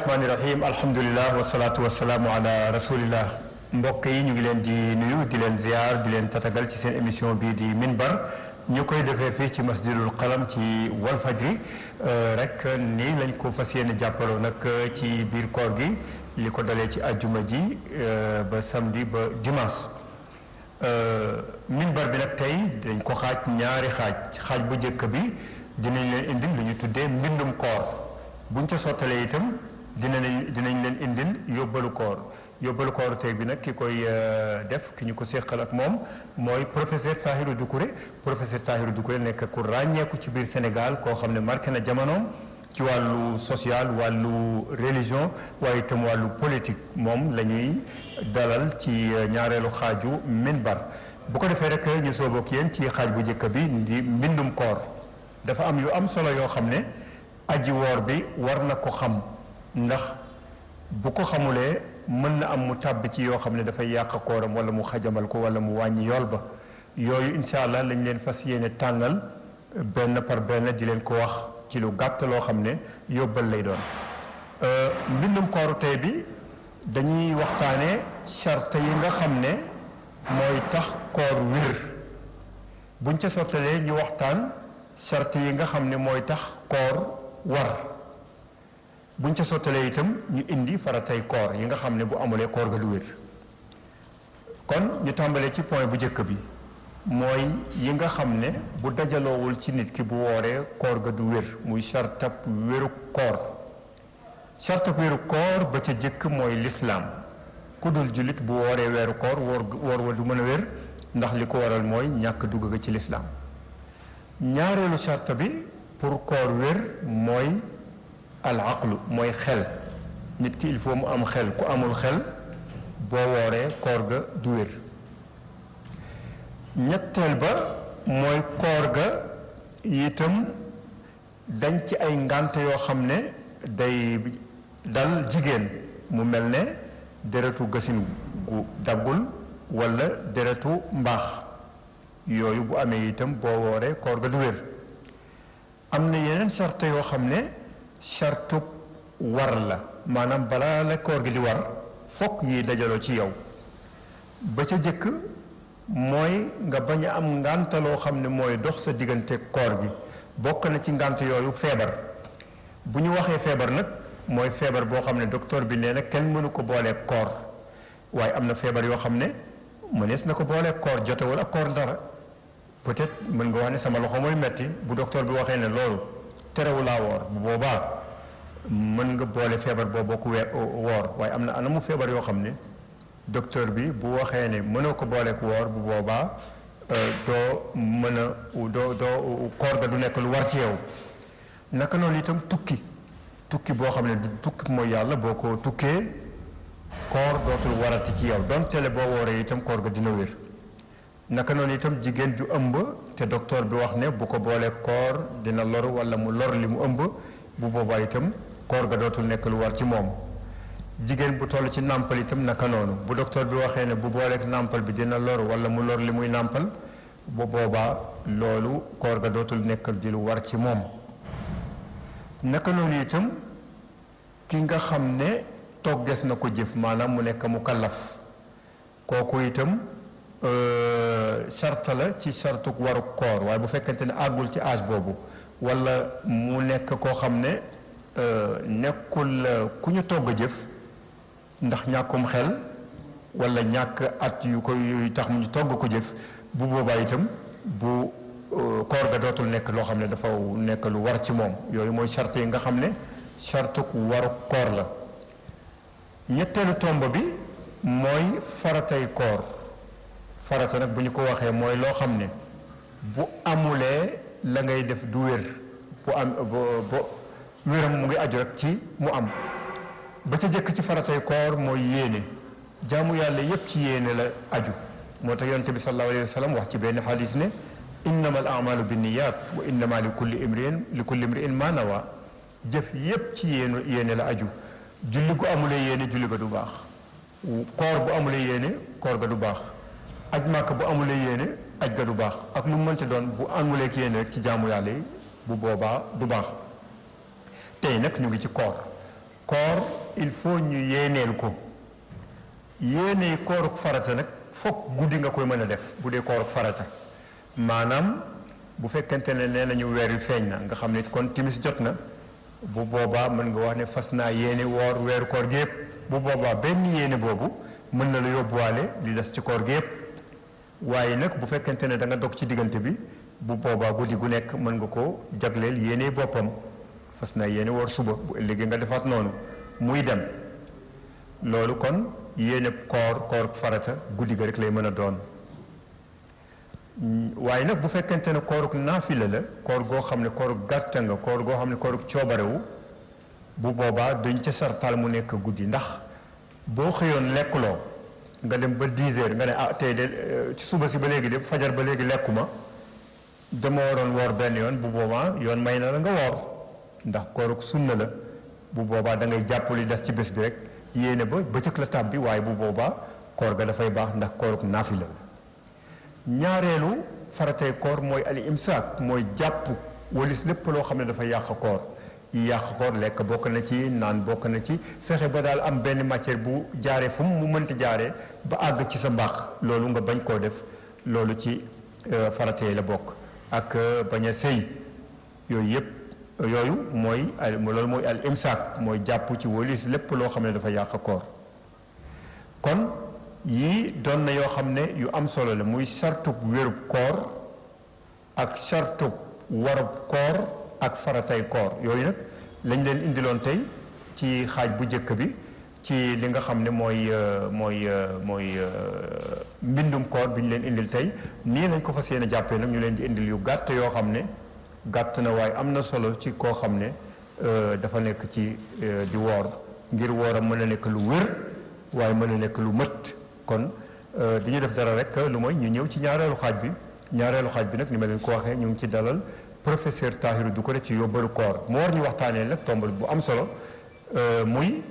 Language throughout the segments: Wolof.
rahmaani rahim alhamdulilah wasalaatu wasalaamu ala rasulillah mbokk yi ñu ngi leen di nuyu di leen ziar di leen tatagal ci seen émission bii di minbar ñu koy defee fii ci masjidul qalam ci walfajri euh, rek nii lañ ko fas yéene jàppaloo nag euh, ci biir koor gi li ko dalee ci ajjuma ji euh, ba samedi ba dimanche minbar bi nag tey dañ ko xaaj ñaari xaaj xaaj bu njëkk bi dinañ leen indi lu ñu tuddee mbindum koor buñ ca sottalee itam dinañ dinañ leen indil yóbbalu koor yóbbalu koor tey bi nag ki koy euh, def ki ñu ko séqal ak moom mooy professeur Tahirou Doucouré professeur du Doucouré nekk ku ràññeeku ci biir Sénégal koo xam ne marqué na jamono ci wàllu social wàllu religion waaye itam wàllu politique moom la ñuy dalal ci euh, ñaareelu xaaju minbar bu ko defee rek ñu soobook yéen ci xaaj bu njëkk bi di mbindum koor dafa am yu am solo yoo xam ne aji woor bi war na ko xam ndax bu ko xamulee mën na am mu tàbb ci yoo xam ne dafay yàq kooram wala mu xajamal ko wala mu wàññi yool ba yooyu incha allah lañ leen fas yéene tànnal benn par benn di leen ko wax ci lu gàtt loo xam ne yóbbal lay doon euh, mbindum kooru tey bi dañuy waxtaane charte yi nga xam ne mooy tax koor wér buñ ca sottalee ñu waxtaan charte yi nga xam ne mooy tax koor war buñ ca sottalee itam ñu indi faratay koor yi nga xam ne bu amulee koor ga du wér kon ñu tàmbalee ci point bu njëkk bi mooy yi nga xam ne bu dajaloowul ci nit ki bu wooree koor ga du wér muy sartab wéru koor sartab wéru koor ba ca jëkk mooy lislaam ku dul jullit bu wooree weeru koor woor woor wa du mën a wér ndax li ko waral mooy ñàkk dugg ci lislaam ñaareelu sart bi pour koor wér mooy al aqlu mooy xel nit ki il mu am xel ku amul xel boo wooree koor ga du wér ñetteel ba mooy koor ga itam dañ ci ay ngànte yoo xam ne day dal jigéen mu mel ne deretu gasin gu daggul walla deretu mbaax yooyu bu amee itam boo wooree koor ga du wér am na yeneen sart yoo xam ne sartug war la maanaam balaa la koor gi di war fokk yi dajaloo ci yow ba ca jëkk mooy nga bañ a am ngàntaloo xam ne mooy dox sa diggante koor bi bokk na ci ngànt yooyu feebar bu ñu waxee feebar nag mooy feebar boo xam ne docteur bi nee nag kenn mënu ko boolee koor waaye am na feebar yoo xam ne mënees na ko boole koor jotewul ak koor dara peut-être mën nga wax ne sama loxo mooy metti bu docteur bi waxee ne loolu terewu laa woor bu boobaa mën nga boole feebar boobu ku we woor waaye am na mu feebar yoo xam ne docteur bi bu waxee ne mënoo ko booleek woor bu boobaa euh, doo mën a doo doo koor ga du nekk lu war ci yow naka loolu itam tukki tukki boo xam ne du tukki mooy yàlla boo ko tukkee koor dootul warati ci yow doon tele boo wooree itam koor ga dina wér naka noonu itam jigéen ju ëmb te docteur bi wax ne bu ko boolee koor dina lor wala mu lor li mu ëmb bu boobaa itam koor ga dootul nekk lu war ci moom jigéen bu toll ci nàmpal itam naka noonu bu docteur bi waxee ne bu booleeg nàmpal bi dina lor wala mu lor li muy nàmpal bu boobaa loolu koor ga dootul nekk di war ci moom naka itam ki nga xam ne toggees na ko jëf maanaam mu nekk mu kallaf kooku itam charte euh, la ci charte waru koor waaye bu fekkente ni àggul ci as boobu wala mu nekk koo xam ne euh, nekkul ku ñu togg jëf ndax ñàkkum xel walla ñàkk at yu ko yu tax mu ñu togg ko jëf bu boobaa itam bu euh, koor ga dootul nekk loo xam ne dafa nekk lu war ci moom yooyu mooy charte yi nga xam ne charte waru koor la ñetteelu tomb bi mooy faratay koor farata nag bu ñu ko waxee mooy loo xam ne bu amulee la ngay def du wér bu am bu wéram mu ngi aju rek ci mu am ba ca jëkk ci faratay koor mooy yéene jaamu yàlla yépp ci yéene la aju moo tax yonent bi sallallahu alayhi wa sallam wax ci benn xaalis ne innama al amalu binniyat li kulli imriin li kulli imriin jëf yépp ci yéen yéene la aju julli gu amulee yéene julli ga du baax koor bu amulee yéene koor ga du baax ak màkk bu amulee yéene aj ga du baax ak lu mënti doon bu amuleek yéene rek ci jaamu yàlla yi bu boobaa du baax tey nag ñu ngi ci koor koor il faut ñu yéeneel ko yéene kooruk farata nag foog guddi nga koy mën a def bu dee kooruk farata maanaam bu fekkente ne nee nañu weer wi feeñ na nga xam ne kon timis jot na bu boobaa mën nga wax ne fas naa yéene woor weeru koor gi yëpp bu boobaa benn yéene boobu mën na la yóbbuwaale li des ci koor gi yëpp waaye nag bu fekkente ne danga nga dog ci diggante bi bu boobaa guddi gu nekk mën nga koo jagleel yéene boppam fas na yéene war suba bu ëllëgee nga defaat noonu muy dem loolu kon yéene koor koor farata guddi ga rek lay mën a doon waaye nag bu fekkente ne kooruk naafila la koor goo xam ne kooruk gàtta nga koor goo xam ne kooruk coobarewu bu boobaa dañ ca sartaal mu nekk guddi ndax boo xëyoon lekkuloo nga dem ba 10 heures nga ne ah tey de euh, ci suba si ba léegi de fajar ba léegi lekkuma dama waroon woor benn yoon bu boobaa yoon may na la nga woor ndax kooruk sunna la bu boobaa da ngay jàpp li des ci bés bi rek yéene ba bëccëg la tàbbi waaye bu boobaa koor ga dafay baax ndax kooruk naafila la ñaareelu faratay koor mooy al imsaak mooy jàpp walis lépp loo xam ne dafa yàq koor yàq ko lekk bokk na ci naan bokk na ci fexe ba daal am benn matière bu jaaree fu mu mënti jaaree ba àgg ci sa mbaax loolu nga bañ koo def loolu ci euh, faratee la bokk ak euh, bañ a sëy yooyu yëpp yooyu mooy loolu mooy al imsaak mooy jàpp ci wólis lépp loo xam ne dafa yàq koor kon yii doon na yoo xam ne yu am solo la muy sartub wérub koor ak sartub warub koor ak faratay koor yooyu nag lañ leen indiloon tey ci xaaj bu njëkk bi ci li nga xam ne mooy euh, mooy euh, mooy euh, mbindum koor bi ñu leen indil tey nii lañ ko fas yéene jàppee nag ñu leen di indil yu gàtt yoo xam ne gàtt na waaye am na solo ci koo xam ne dafa nekk ci di woor ngir woor a mën a nekk lu wér waaye mën a nekk lu mët kon dañuy def dara rek lu mooy ñu ñëw ci ñaareelu xaaj bi ñaareelu xaaj bi nag ni ma leen ko waxee ñu ngi ci dalal professeur ko Doucouré ci yóbbalu koor mu war ñu waxtaanee nag tomb bu am solo euh, muy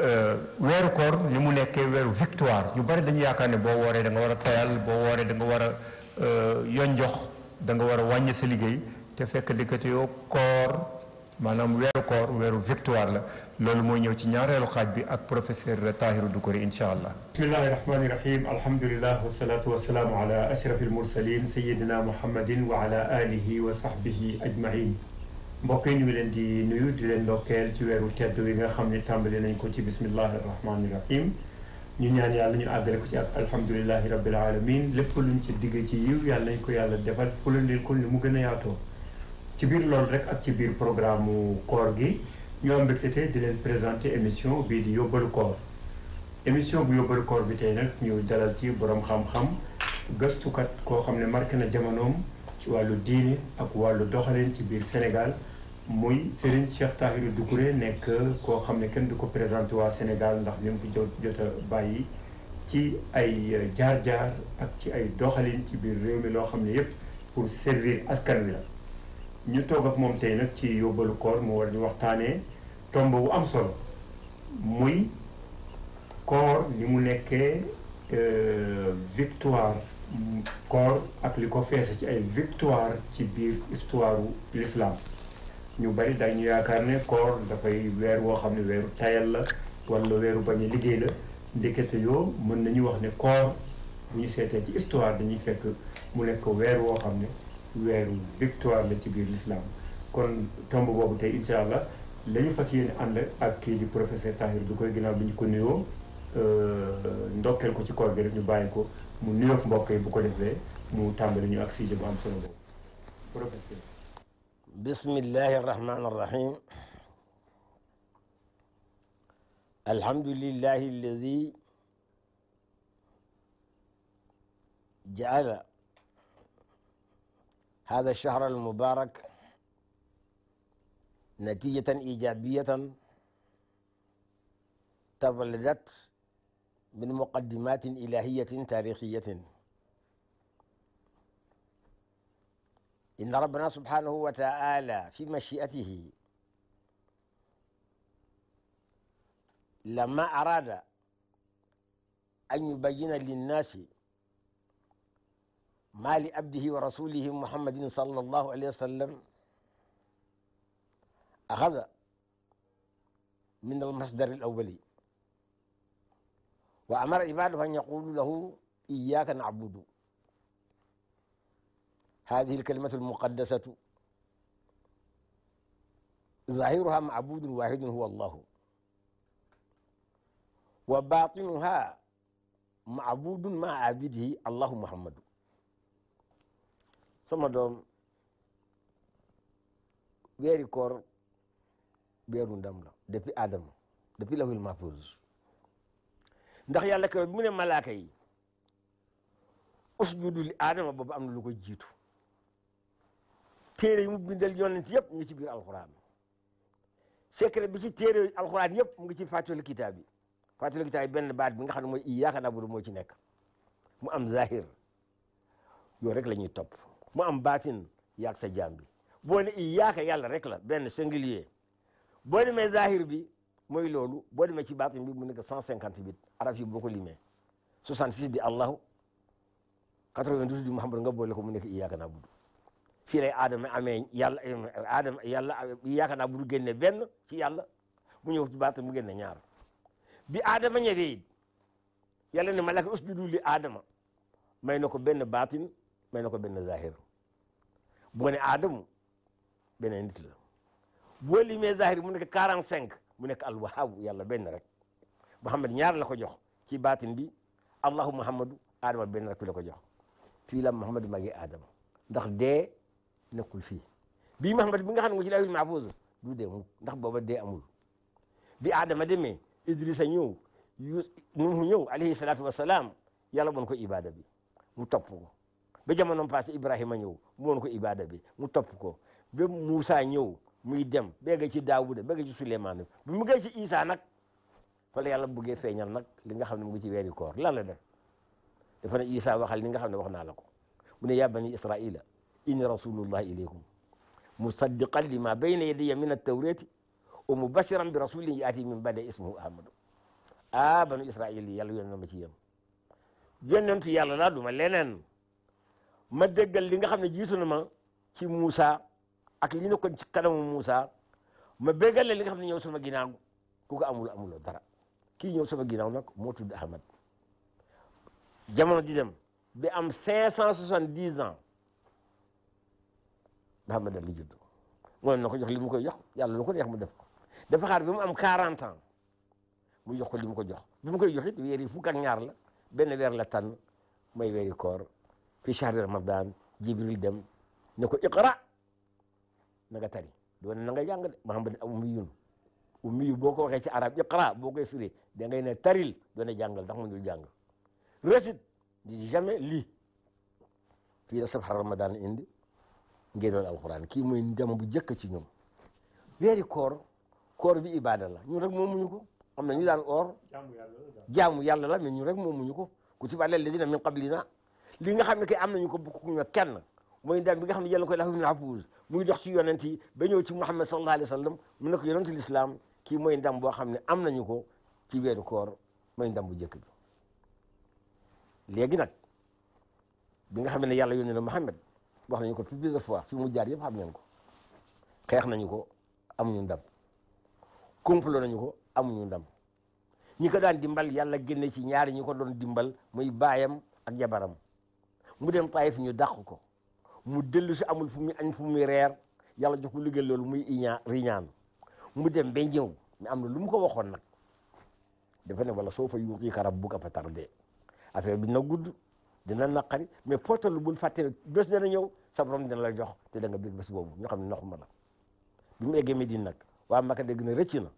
euh, weeru koor ni mu nekkee weeru victoire ñu bari dañu yaakaar ne boo wooree da nga war a tayal boo wooree da nga war a euh, yonjox da nga war a wàññi sa liggéey te fekk ndekete yoo koor maanaam weeru koor weeru victoire la loolu moo ñëw ci ñaareelu xaaj bi ak professeur Tahirou Doucouré incha allah bismillahi rahmani rahim alhamdulilah wasalatu wasalaamu ala ashraf almursalin sayidina muhammadin wa ala alihi wa sahbihi ajmain mbokk yi ñu ngi leen di nuyu di leen ndokkeel ci weeru tedd wi nga xam ne tàmbali nañ ko ci bismillahi rahmani rahim ñu ñaan yàlla ñu àggale ko ci ak alhamdulilahi rabbil alamin lépp luñ ci digg ci yiw yàlla nañ ko yàlla defal fula leen ko li mu gën a yaatoo ci biir loolu rek ak ci biir programme mu koor gi ñu am mbégte tey di leen présenter émission bii di yóbbalu koor émission bu yóbbalu koor bi tey nag ñu dalal ci borom xam-xam gëstukat koo xam ne marqué na jamonoom ci wàllu diine ak wàllu doxalin ci biir Sénégal muy Serigne Cheikh du Doucouré nekk koo xam ne kenn du ko présenté waa Sénégal ndax li mu fi jot jot bàyyi ci ay jaar-jaar ak ci ay doxalin ci biir réew mi loo xam ne yépp pour servir askan wi la. ñu toog ak moom tey nag ci yóbbalu koor mu war ñu waxtaanee tomb bu am solo muy koor li mu nekkee euh, victoire koor ak li ko feese ci ay victoire ci biir histoire u ñu bari dañu yaakaar ne koor dafay weer woo xam ne weeru tayal la wala weeru bañ a liggéey la ndekete yoo mën nañu wax ne koor bu ñu seetee ci histoire dañuy fekk mu nekk weer woo xam ne weeru victoire la ci biir l'islam kon tomb boobu tey incha allah la ñu fas yéene ànd ak kii di professeur Tahir du koy ginnaaw bi ñu ko nuyoo euh, ndokkeel ko ci koor gi rek ñu bàyyi ko mu nuyoog mbokk bu ko defee mu tàmbali ñu ak sujet bu am solo boobu professeur. bismillahi rahmaani rahim. alhamdulillahi alladi jaala هذا الشهر المبارك نتيجة إيجابية تولدت من مقدمات إلهية تاريخية إن ربنا سبحانه وتعالى في مشيئته لما أراد أن يبين للناس maa li abdihi wa rasulihi muhammadin sallallahu alayhi wa sallam axada min almasdar alawali wa amara ibadahu an yaqulu lahu iyaka nabudu هذه الكلمة المقدسة ظاهرها معبود واحد هو الله وباطنها معبود مع عبده الله محمد sama doom weeri koor weeru ndam la depuis Adama depuis lawil mahfuz ndax yàlla keroog bi mu ne malaaka yi li Adama boobu am na lu ko jiitu téere yi mu bindal yonent yëpp mu ngi ci biir alxuraan secret bi ci téere yi alxuraan yëpp mu ngi ci fàttali kitaab bi fàttali benn baat bi nga xam ne mooy na na'budu moo ci nekk mu am zahir yow rek la ñuy topp mu am baatin yaag sa jaam bi boo ne iyyaaka yàlla rek la benn singulier boo demee zahir bi mooy loolu boo demee ci baatin bi mu nekk cent cinquante huit araf yi boo ko limee soixante six di allahu quatre vingt douze di muhammad nga boole ko mu nekk iyyaaka na'budu fii lay aadama amee yàlla aadama yàlla iyyaaka na'budu génne benn ci yàlla mu ñëw ci baatin mu génne ñaar bi aadama ñëwee yàlla ne malaaka usjudu li aadama may na ko benn may na ko benn zahir boo ne aadamu beneen nit la boo limee zahir mu nekk quarante cinq mu nekk alwahaabu yàlla benn rek muhammad ñaar la ko jox ci baatin bi allahu muhammadu aadama benn rek bi la ko jox fii la muhammadu magi aadama ndax dee nekkul fii bii muhammad bi nga xam ne ci lawil mahfuuz du dee mu ndax booba dee amul bi aadama demee idrisa ñëw nuuhu ñëw alayhi salaatu wasalaam yàlla bon ko ibada bi mu topp ko ba jamonoom passé Ibrahima ñëw mu woon ko ibada bi mu topp ko ba Moussa ñëw muy dem bégg ci Daawuda bégg ci Suleymaan bi mu gëj ci Isa nag fa la yàlla buggee feeñal nag li nga xam ne mu ngi ci weeri koor lan la def dafa ne Isa waxal li nga xam ne wax naa la ko mu ne yaa bani Israa'iila inni rasulullahi ilaykum musaddiqan ma bayna yadayya min at-tawrati wa mubashiran bi rasulin yaati min ba'di ismuhu ahmadu ah banu Israa'iil yàlla yónni na ma ci yéen yónnentu yàlla laa duma leneen ma déggal li nga xam ne jiitu na ma ci Moussa ak li nekkoon ci kanamu Moussa ma béggale li nga xam ne ñëw sama ginnaaw ku ko amul amuloo dara kii ñëw sama ginnaaw nag moo tudd Ahmad jamono di dem bi am cinq cent soixante dix ans Ahmad dal li judd moom na ko jox li mu koy jox yàlla lu ko neex mu def ko dafa xaar mu am quarante mu jox ko li mu ko jox bi mu koy jox it weer yi fukk ak ñaar la benn weer la tànn mooy weeri koor fi shahri ramadan jibril dem ne ko iqra na nga tari doon na nga jàng de mahamad ummiyun ummiyu boo ko waxee ci arab iqra boo koy firi da ngay ne taril doon jàngal ndax mënul jàng récite di jamais lii fii la safar ramadan indi ngeen doon alquran kii mooy ndema bu jëkk ci ñoom weeri koor koor bi ibada la ñun rek moomuñu ko am na ñu daan la mais min qablina li nga xam ne kay am nañu ko bokkuñu nag kenn mooy dam bi nga xam ne yàlla ko laaf min hafuus muy dox ci yonent yi ba ñëw ci Muhammad sallallahu alayhi wa sallam mu ne ko yonentu lislaam kii mooy ndam boo xam ne am nañu ko ci weeru koor mooy ndam bu njëkk léegi nag bi nga xam ne yàlla yónnee na Muhammad wax nañu ko plusieurs fois fi mu jaar yëpp xam ngeen ko xeex nañu ko amuñu ndam complot nañu ko amuñu ndam ñi ko daan dimbal yàlla génne ci ñaari ñi ko doon dimbal muy baayam ak jabaram mu dem Taïf ñu dàq ko mu dellu si amul fu muy añ fu muy reer yàlla jox ko liggéey loolu muy iñaa riñaan mu dem ba ñëw mais am na lu mu ko waxoon nag dafa ne wala soo ka yuutika rabbuka fa tardee affaire bi na gudd dina naqari mais portal bul fàtte bés dana ñëw sa borom dina la jox te da nga bëgg bés boobu ñu xam ne ndox ma la bi mu eggee Medine nag waa Maka dégg na rëcc na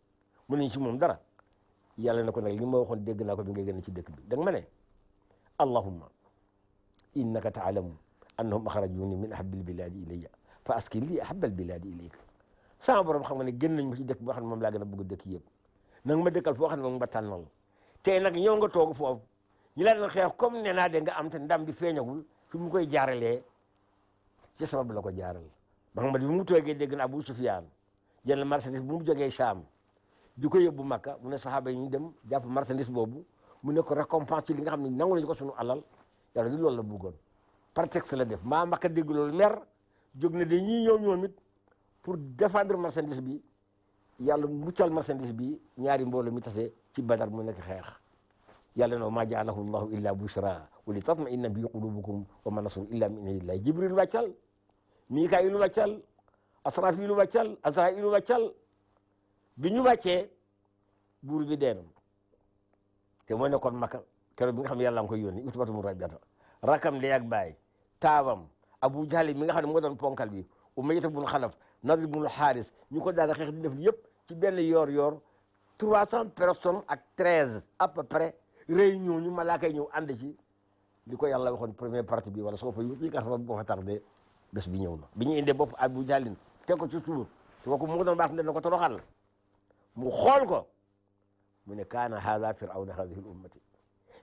mënuñ ci moom dara yàlla na ko nag li ma waxoon dégg naa ko bi nga gën ci dëkk bi da nga ma ne allahumma innaka taalamu annahum axrajuni min ahabil biladi ilayya fa askin lii ahabal biladi ilayka sama borom xam nga ne génn nañ ma ci dëkk boo xam ne moom laa gën a bëgg dëkk yëpp na nga ma dëkkal foo xam ne moom nga tànnal tey nag ñëw nga toog foofu ñu la doon xeex comme nee naa de nga am te dam bi feeñagul fi mu koy jaaralee ci sabab la ko jaaral Muhammad bi mu toogee dégg na Abu Sufyaan jënd marchandise bu mu jógee Saam di ko yóbbu Makka mu ne saxaaba yi ñu dem jàpp marchandise boobu mu ne ko récompense ci li nga xam ne nangu nañu ko sunu alal yàlla du loolu la bëggoon prétexte def maa makka dégg loolu mer jóg na di ñii ñëw ñoom it pour défendre marchandise bi yàlla muccal marchandise bi ñaari mbooloo mi tase ci badar mu nekk xeex yàlla no maa jaalahu llahu illa bushra wa li tatma inna bi qulubukum wa ma nasru illa min indillahi jibril wàccal mikaayil wàccal asrafil wàccal azrail wàccal bi ñu wàccee buur bi deenam te moo nekkoon keroog bi nga xam yàlla nga koy yónni utbatu mu rabiata rakam ndey ak baay mi nga xam ne moo doon ponkal bi umayyata bun xalaf nadr bun xaaris ñu ko daal xeex di def yëpp ci benn yoor yoor trois cent personnes ak treize à peu près réunion ñu malaaka yi ñëw ànd ci li ko yàlla waxoon première partie bi wala soo fa yi nga xam ne boo fa tardé bés bi ñëw na bi ñu indee bopp abu jahlin teg ko ci suur su ko mu ngi doon baax ne na ko toroxal mu xool ko mu ne kaana haada firawna hadihi l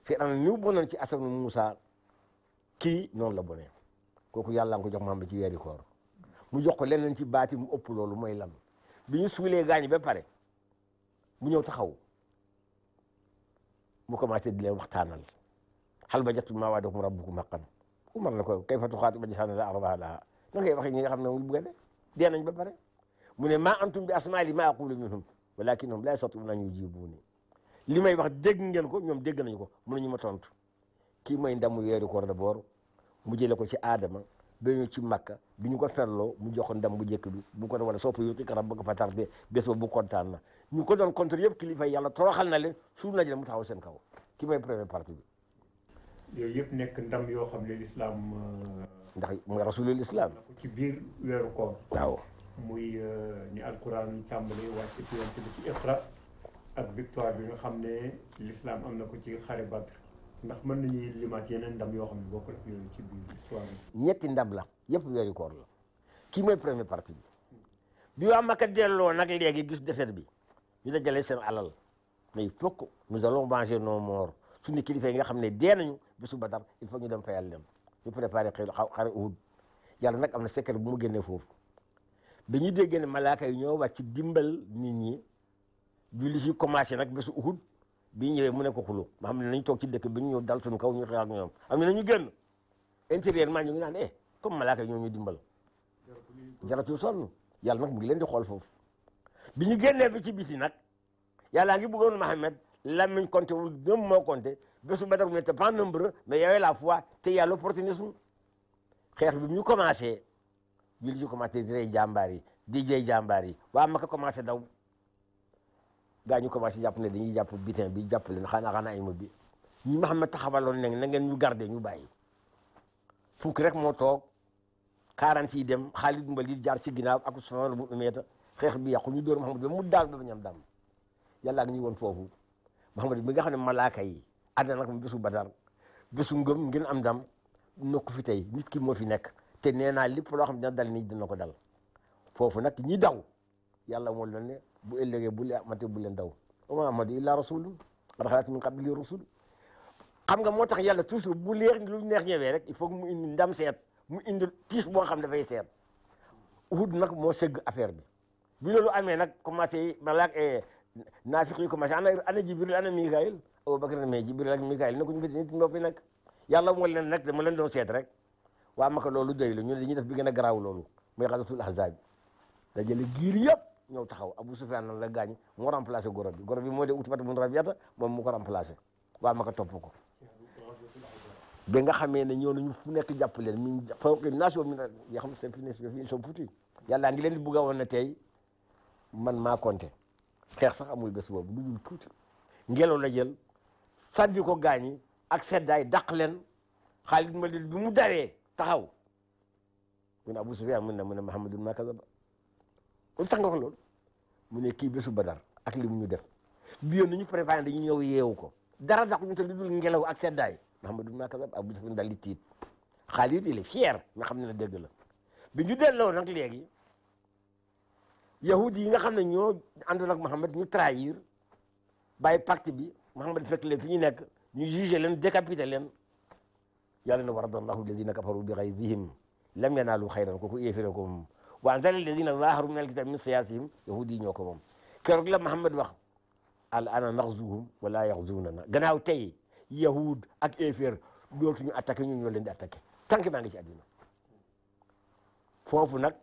Firawna ni mu bonoon ci asam Moussa kii noonu la bonee kooku yàlla ko jox maam bi ci weeri koor mu jox ko leneen ci baati mu ëpp loolu mooy lan bi ñu suulee gaañ ba pare mu ñëw taxaw mu commencé di leen waxtaanal hal bajatum maa waadakum rabbukum haqqan umar na ko kayfa tuxaatibu jaahilan laa arbaha lahaa na ngay waxee ñi nga xam ne mu bëgg a dee dee nañ ba pare mu ne maa antum bi asmaali maa aqulu minhum walakinnahum laa yastati'uuna an yujiibuuni li may wax dégg ngeen ko ñoom dégg nañu ko ñu ma tontu kii mooy ndamu weeru koor d'abord mu jële ko ci aadama ba ñu ci makka bi ñu ko ferloo mu jox ndam bu njëkk bi bu ko wala sopp yuti karam bëgg fa tardé bés bu kontaan na ñu ko doon contre yëpp kilifa yi yàlla xal na leen su la dem mu taxaw seen kaw ki mooy première partie bi. yooyu yëpp nekk ndam yoo xam ne lislaam euh, ndax mooy rasulul islam. ci biir weeru koor. waaw muy euh, ni alquran tàmbalee wàcc ci yoon ci iqra ak victoire bi nga xam ne l'islam am na ko ci xare Badr ndax mën nañuy limaat yeneen ndam yoo xam ne bokkul ak yooyu ci biir histoire la yëpp weeru koor la kii mooy première partie bi bi waa Makka delloo nag léegi gis defet bi ñu dajale seen alal mais il faut que nous allons venger nos morts kilifa yi nga xam ne dee nañu bisu Badar il faut ñu dem fayal leen ñu préparé xëy xaw xare Uhud yàlla nag am na secret bu mu génnee foofu dañuy dégg ne malaaka yi ñoo wàcc dimbal nit ñi jullit yi commencé nag bésu Uhud bi ñëwee mu ne ko xuloo nga xam ne nañ toog ci dëkk bi ñu ñëw dal suñu kaw ñu xeex ak ñoom am na ñu génn intérieurement ñu ngi naan eh comme malaaka ñoo ñu dimbal jaratul sonn yàlla nag mu ngi leen di xool foofu bi ñu génnee bi ci biti nag yàllaa ngi bëggoon Mahamed lamiñ compté wul gëm moo compté bésu Badar mu n'était pas nombreux mais y'avait la foi te yàlla opportunisme xeex bi ñu commencé jullit yi commencé di rey jàmbaar yi di jey jàmbaar yi waa Maka commencé daw gaa ñu commencé jàpp ne dañuy jàpp bitin bi jàpp leen xanaa xanaa ayma bi ñi Mahammed taxawaloon ne na ngeen ñu garder ñu bàyyi fukk rek moo toog quarante yi dem Xaalid Mbalid jaar ci ginnaaw ak Usmaan bu Umayya xeex bi yàqu ñu dóor Mahammed ba mu daal ba ba dam yàlla ak ñu woon foofu Mahammed bi nga xam ne malaaka yi ànd nag mu bésu Badar bésu ngëm ngeen am dam nokku fi tey nit ki moo fi nekk te nee naa lépp loo xam ne dina dal nii dina ko dal foofu nag ñi bu ëllëgee bu leen amate bu leen daw wama amadu illa rasulun qad xalat min qablihi rusul xam nga moo tax yàlla toujours bu leer lu neex ñëwee rek il faut mu indi ndam seet mu indi tiis boo xam dafay seet Uhud nag moo sëgg affaire bi bi loolu amee nag commencé malaak eh, naafiq yi commencé ana ana jibril ana mikaayil abubakar mais jibril ak mikaayil nekkuñu fi nit ñoo fi nekk yàlla moo leen nag dama leen doon seet rek waa maka loolu doy lu ñu ne dañuy def bi gën a garaaw loolu mooy xasatul ahzaab dajale giir yëpp ñëw taxaw Abu Sufyaan nag la gaañ moo remplacé goro bi goro bi moo dee Utbata bun Rabiata moom mu ko remplacé waa ma ko topp ko ba nga xamee ne ñoo ñu fu nekk jàpp leen min fawqi naas wa min yoo xam seen fi ne fi soo fuuti yàllaa ngi leen di bugg a woon ne tey man maa compté xeex sax amul bés boobu lu dul tuuti ngelaw la jël sànni ko gaañi ak seddaay dàq leen Xaalid Malick bi mu daree taxaw mun Abu Sufyaan mun na mun na Muhammadun ma kadaba lu tax lool mu ne kii bésu badar ak li mu ñu def biyoon yoon ñu préparé dañu ñëw yeewu ko dara dax ñu te lu dul ngelaw ak seddaay Muhammadu bun Kasab Abu Sufyaan daal di tiit Xaalid il est fier nga xam ne la dëgg la bi ñu delloo nag léegi yahudi yi nga xam ne ñoo àndoon ak Muhammad ñu trahir bàyyi pacte bi Muhammad fekk leen fi ñu nekk ñu jugé leen décapité leen yàlla na wa radallahu alladina kafaru bi xaydihim lam yanaalu xayran kooku yéefire ko moom waanzal alladina zaharu min mi min siyasihim yahudi yi ñoo ko moom keroog la Muhammad wax al ana naxzuhum wala yaxzunana gannaaw tey yahud ak éféer dootuñu attaqué ñun ñoo leen di attaqué tànk maa ngi ci àddina foofu nag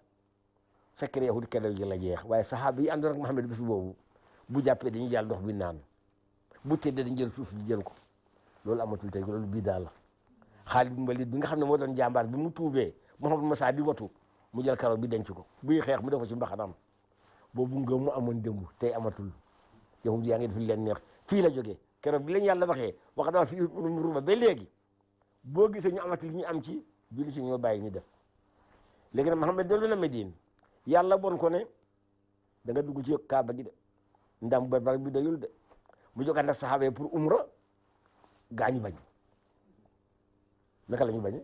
secret yahud keroog la jeex waaye sahaaba yi àndoon ak bis boobu bu jàppee dañuy jàll dox bi naan bu tëddee dañu jël suuf ñu jël ko loolu amatul tey loolu bii daal la Xaalid bi nga xam ne moo doon jàmbaar bi mu tuubee Muhammad Moussa di watu mu jël karaw bi denc ko buy xeex mu def ci ci mbaxanaam boobu ngëm mu amoon démb tey amatul yow yaa ngi def leen neex fii la joge keroog bi leen yàlla waxee wax dama fi ruba ba léegi boo gisee ñu amati li ñu am ci julli ci ñoo bàyyi ñu def léegi nag Muhammad dellu na Medine yàlla bon ko ne da nga dugg ci kaaba gi de ndam ba bar bi dayul de mu jóg ànd ak saxaaba pour umra gaañu bañ naka la ñu bañee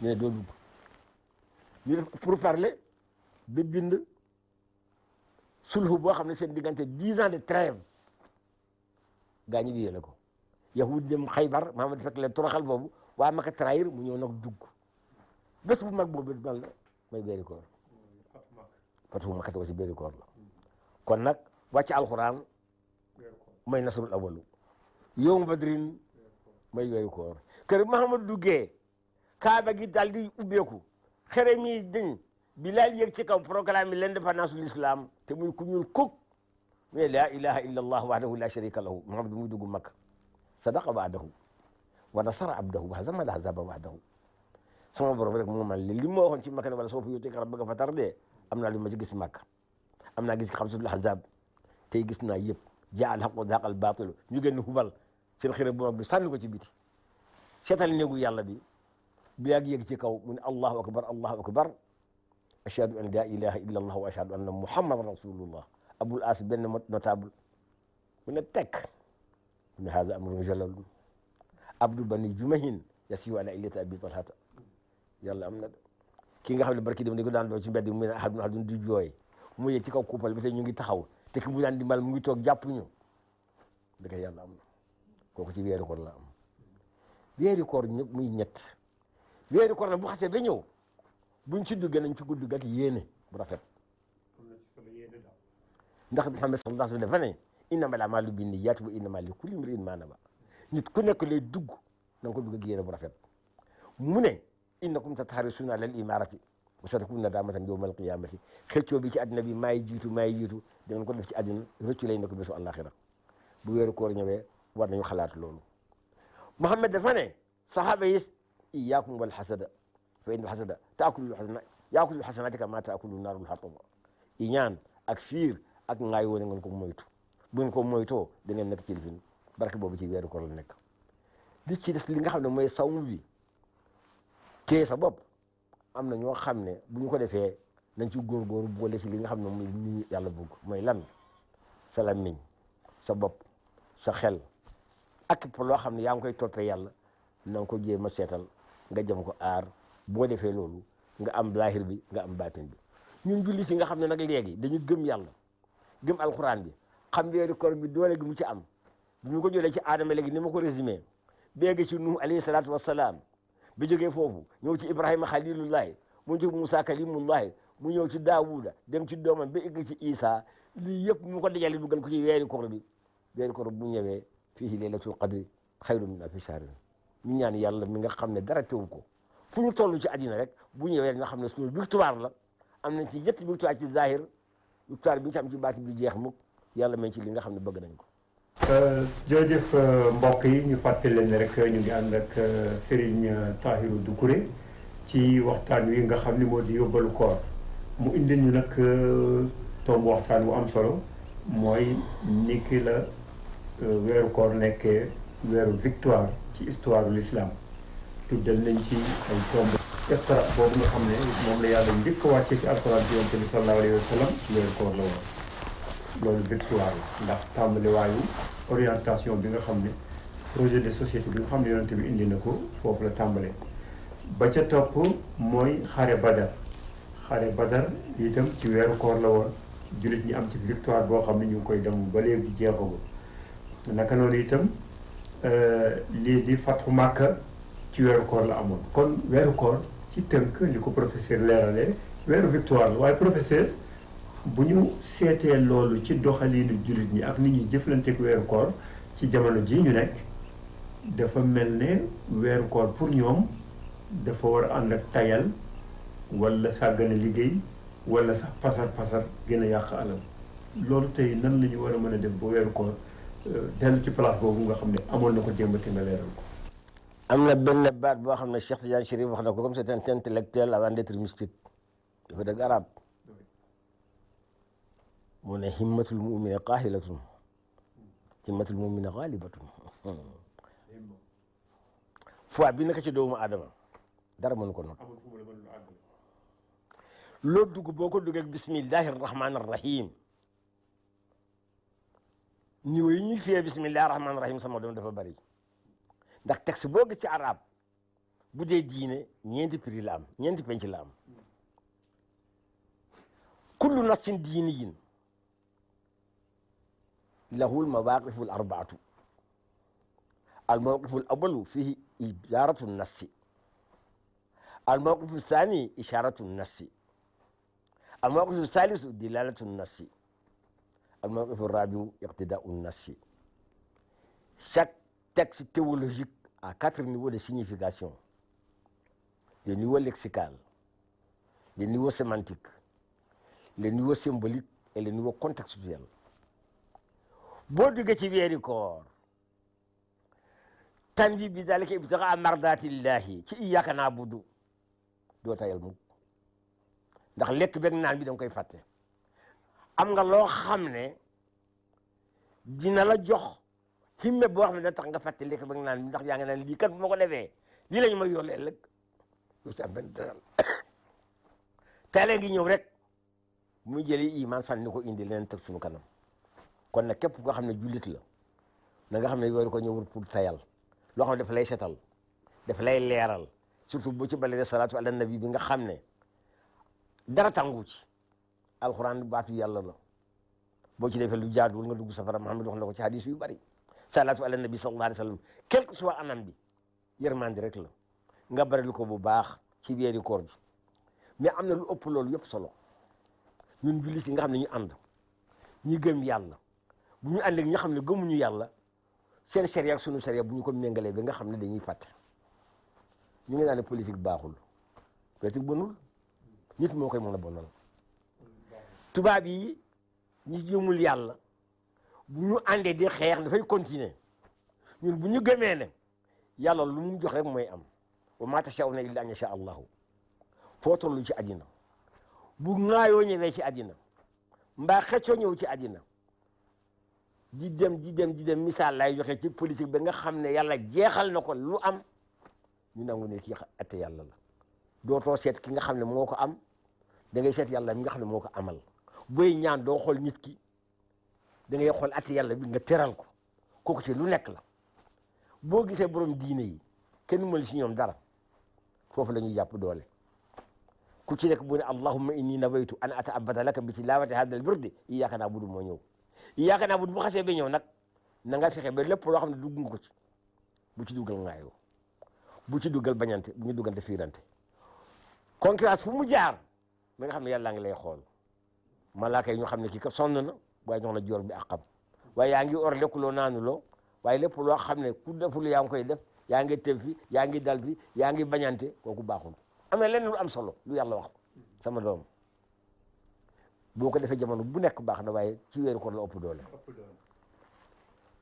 ñu ne doo dugg ñu def pour parler ba bind sulhu boo xam ne seen diggante dix ans de trêve gaa ñi ko yahud dem xaybar Muhammad fekk leen toroxal boobu waa Maka trahir mu ñëw nag dugg bés bu mag boobu bal la may beeri koor fatu Maka aussi beeri koor kon nag wàcc alxuraan may nasrul awalu yowmu badrin may weeru koor kër Muhammad duggee kaaba gi daal di ubbeeku xërëm yi dañ Bilal yëg ci kaw programme l'indépendance de l'islam te muy ku ñuul kuk mais la ilaha illa allah wahdahu la sharika lahu Muhammad muy dugg Makka sadaqa wa'dahu wa nasara abdahu wa hazama al-ahzaba wa'dahu sama borom rek moo man li ma waxoon ci Makka ne wala sawfa yu'tika rabbuka fatarda am naa li ma ci gis Makka am naa gis xamsatul ahzab tey gis naa yëpp jaa al haqq wa zahaqa al batil ñu génn hubal seen xërëm bu mag bi sànni ko ci biti seetal néegu yàlla bi yaa ngi yëg ci kaw mu ne allahu akbar allahu akbar ashhadu an la ilaha illa allah wa ashhadu anna muhammadan rasulullah abul as benn notable mu ne tekk mu ne hada amrun jalalun abdu bani jumahin yasiu ala illati abi talhata yàlla am na ki nga xam ne barki dem dañ ko daan ci mbedd mu ne ahadun ahadun di ci kaw kuupal bi te ñu ngi taxaw te ki mu daan dimbal mu ngi toog jàpp ñu da koy ci weeru koor la am ñett weeru koor nag bu xasee ba ñëw buñ ci duggee nañ ci gudd gat yéene bu rafet ndax Muhammad sallallahu alayhi wa sallam dafa ne innamal a'maalu binniyaat wa innamaa likulli imri'in maa nawaa nit ku nekk le dugg na nga ko dugg ak bu rafet mu ne innakum tataharisuuna alal imaarati wa satakuunu nadaamatan yawmal qiyaamati xëccoo bi ci àddina bi maay jiitu maay jiitu dangeen ko def ci àddina rëccu lay nekk bésu àllaaxira bu weeru koor ñëwee war nañu xalaat loolu Muhammad dafa ne iyyakum wal hasada fa inna hasada ta'kulu hasana ya'kulu hasanati kama ta'kulu narul hatab iñaan ak fiir ak ngaay woon ngeen ko moytu bu ngeen ko moytoo da ngeen nekk ci lifin barke boobu ci weeru koor la nekk li ci des li nga xam ne mooy sawm bi tee sa bopp am na ñoo xam ne bu ñu ko defee nañ ci góorgóor boole ci li nga xam ne mooy li yàlla bëgg mooy lan sa làmmiñ sa bopp sa xel ak loo xam ne yaa ngi koy toppee yàlla na nga ko jéem a seetal nga jëm ko aar boo defee loolu nga am zahir bi nga am baatin bi ñun julli si nga xam ne nag léegi dañu gëm yàlla gëm alxuraan bi xam weeru koor bi doole gi mu ci am bi mu ko jëlee ci aadama léegi ni ma ko résumé béegg ci nuh alayhi salaatu wassalaam bi jógee foofu ñëw ci ibrahima xalilullahi mu jóg moussa kalimullahi mu ñëw ci daawuda dem ci doomam ba egg ci isa lii yëpp mu ko dajale dugal ko ci weeri koor bi weeri koor bu ñëwee fii leylatul qadri xayru min alfi shahrin ñu yàlla mi nga xam ne dara teewu ko fu ñu toll ci àddina rek bu ñëwee nga xam ne suñu victoire la am nañ ci ñetti victoire ci zahir victoire bi ñu ci ci baati bi jeex mukk yàlla mañ ci li nga xam ne bëgg nañ ko euh, jërëjëf euh, mbokk yi ñu fàttali leen rek ñu ngi ànd ak euh, Serigne Tahirou ci waxtaan wi nga xam ni moo di yóbbalu koor mu indi ñu nag tomb waxtaan wu am solo mooy ni ki la weeru koor nekkee weeru victoire ci histoire de l'islam tuddal nañ ci ay tomb iqra boobu nga xam ne moom la yàlla njëkk wàccee ci alxuraan bi yonte bi sallallahu alayhi wa sallam ci weeru orientation bi nga xam ne projet de société bi nga xam ne yonente bi indi na ko foofu la tàmbale ba ca topp mooy xare badar xare badar itam ci weeru koor la woon jullit ñi am ci victoire boo xam ne ñu koy dem ba léegi jeexagul naka noonu itam lii euh, li fatu Màkka ci weeru koor la amoon kon weeru koor ci tënk li ko professeur leerale weeru victoire la waaye professeur bu ñu seetee loolu ci doxaliinu jullit ñi ak nit ñuy jëflanteek weeru koor ci jamono ji ñu nekk dafa mel ne weeru koor pour ñoom dafa war a ànd ak tayal wala sàggane liggéey walla sax pasar pasar gën a yàq alal loolu tey nan lañu war a mën a def ba weeru koor dellu ci place boobu nga xam ne amoon na ko démb te nga leeral ko. am na benn baat boo xam ne Cheikh wax na ko comme c'est un intellectuel avant d'être mystique dafa dëgg arab mu ne himmatul mumina qaahilatun himmatul mumina xaalibatun foi bi naka ci doomu aadama dara mon ko not loo dugg boo ko duggee bismillahi rahmaani rahim niveau yi ñuy fiyee bisimilah rahmaani sama doom dafa bari ndax texte boo gis ci arab bu diine ñeenti prix am ñeenti penc la am kullu nassin diiniyin lahul mawaqiful arbaatu al mawqiful fihi ibaratu nassi al mawqifu saani isharatu nassi al mawqifu salisu dilalatu nassi الموقف الرابع اقتداء النص chaque texte théologique a quatre niveaux de signification le niveau lexical le niveau sémantique le niveau symbolique et le niveau contextuel boo duggee ci weeri koor tan bi bi zalika ibtigaa mardatillahi ci iyyaka na'budu doo tayal mukk ndax lekk beeg naan bi da koy fàtte am nga loo xam ne dina la jox himme boo xam ne da tax nga fàttali ko ba nga naan ndax yaa nga na lii kat bu ma ko defee lii la ñu ma yóolee ëllëg lu ci am benn dara teelee gi ñëw rek mu jëli iman sànni ko indi leneen teg suñu kanam kon nag képp nga xam ne jullit la na nga xam ne yooyu ko ñëwul pour tayal loo xam ne dafa lay setal dafa lay leeral surtout bu ci balee salaatu ala nabi bi nga xam ne dara tàngu ci alxuraan baatu yàlla la boo ci defee lu jaaduwul nga dugg safara Muhammad wax na ko ci hadis yu bari salaatu ala nabi sallallahu alayhi wa sallam quel que soit anam bi yërmande la nga baril ko bu baax ci weeri koor bi mais am na lu ëpp loolu yëpp solo ñun jullit yi nga xam ne ñu ànd ñi gëm yàlla bu ñu ànd ak ñi xam ne gëmuñu yàlla seen sariya sunu sariya bu ñu ko méngalee ba nga xam ne dañuy fàtte ñu ngi naan ne politique baaxul politique bonul nit moo koy mën a bonal tubaab yi ñu jëmul yàlla bu ñu àndee di xeex dafay continuer ñun bu ñu gëmee ne yàlla lu mu jox rek mooy am wa maa tashaa'uuna illaa an yashaa allahu foo tollu ci àddina bu ŋaayoo ñëwee ci àddina mbaa xëccoo ñëw ci àddina ji dem di dem ji dem misaal lay joxe ci politique ba nga xam ne yàlla jeexal na ko lu am ñu nangu ne kii ate yàlla la dootoo seet ki nga xam ne moo ko am da ngay seet yàlla mi nga xam ne moo ko amal booy ñaan doo xool nit ki da ngay xool ati yàlla bi nga teral ko kooku ci lu nekk la boo gisee borom diine yi kenn mënul si ñoom dara foofu la ñuy jàpp doole ku ci nekk bu ne allahumma inni nawaytu an ataabada laka bi tilawati hada al birdi iyyaka na'budu moo ñëw iyyaka na'budu bu xasee ba ñëw nag nanga nga fexe ba lépp loo xam ne dugg nga ko ci bu ci duggal ngaayoo bu ci duggal bañante bu duggal duggante fiirante concurrence fu mu jaar mi nga xam ne yàlla ngi lay xool malaaka yi ñu xam ne kii kat sonn na waaye jox na joor bi ak xam waaye yaa ngi or lekkuloo naanuloo waaye lépp loo xam ne ku deful yaa ngi koy def yaa ngi tëb fi yaa ngi dal fi yaa ngi bañante kooku baaxul amee lenn lu am solo lu yàlla wax sama doom boo ko defee jamono bu nekk baax na waaye ci weeru koor la ëpp doole